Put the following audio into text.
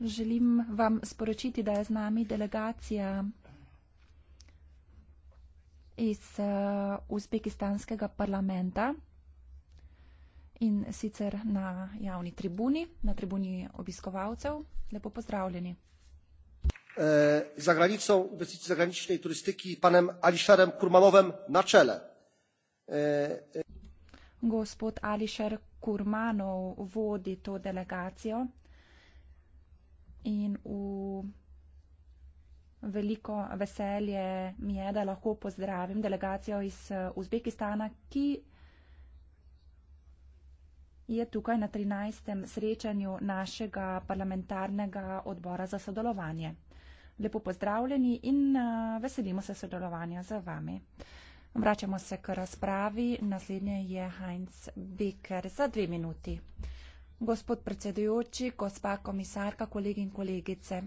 Želim vam sporočiti, da je z nami delegacija iz eh, Uzbekistanskega parlamenta in sicer na javni tribuni, na tribuni obiskovalcev. Lepo pozdravljeni. Eh, za granicą inwestycji zagranicznej turystyki panem Alisherem Kurmanowem na czele. Eh, e- Gospod Alisher Kurmanov vodi to delegacijo in v veliko veselje mi je, da lahko pozdravim delegacijo iz Uzbekistana, ki je tukaj na 13. srečanju našega parlamentarnega odbora za sodelovanje. Lepo pozdravljeni in veselimo se sodelovanja za vami. Vračamo se k razpravi. Naslednje je Heinz Becker za dve minuti gospod predsedujoči gospa komisarka kolegi in kolegice.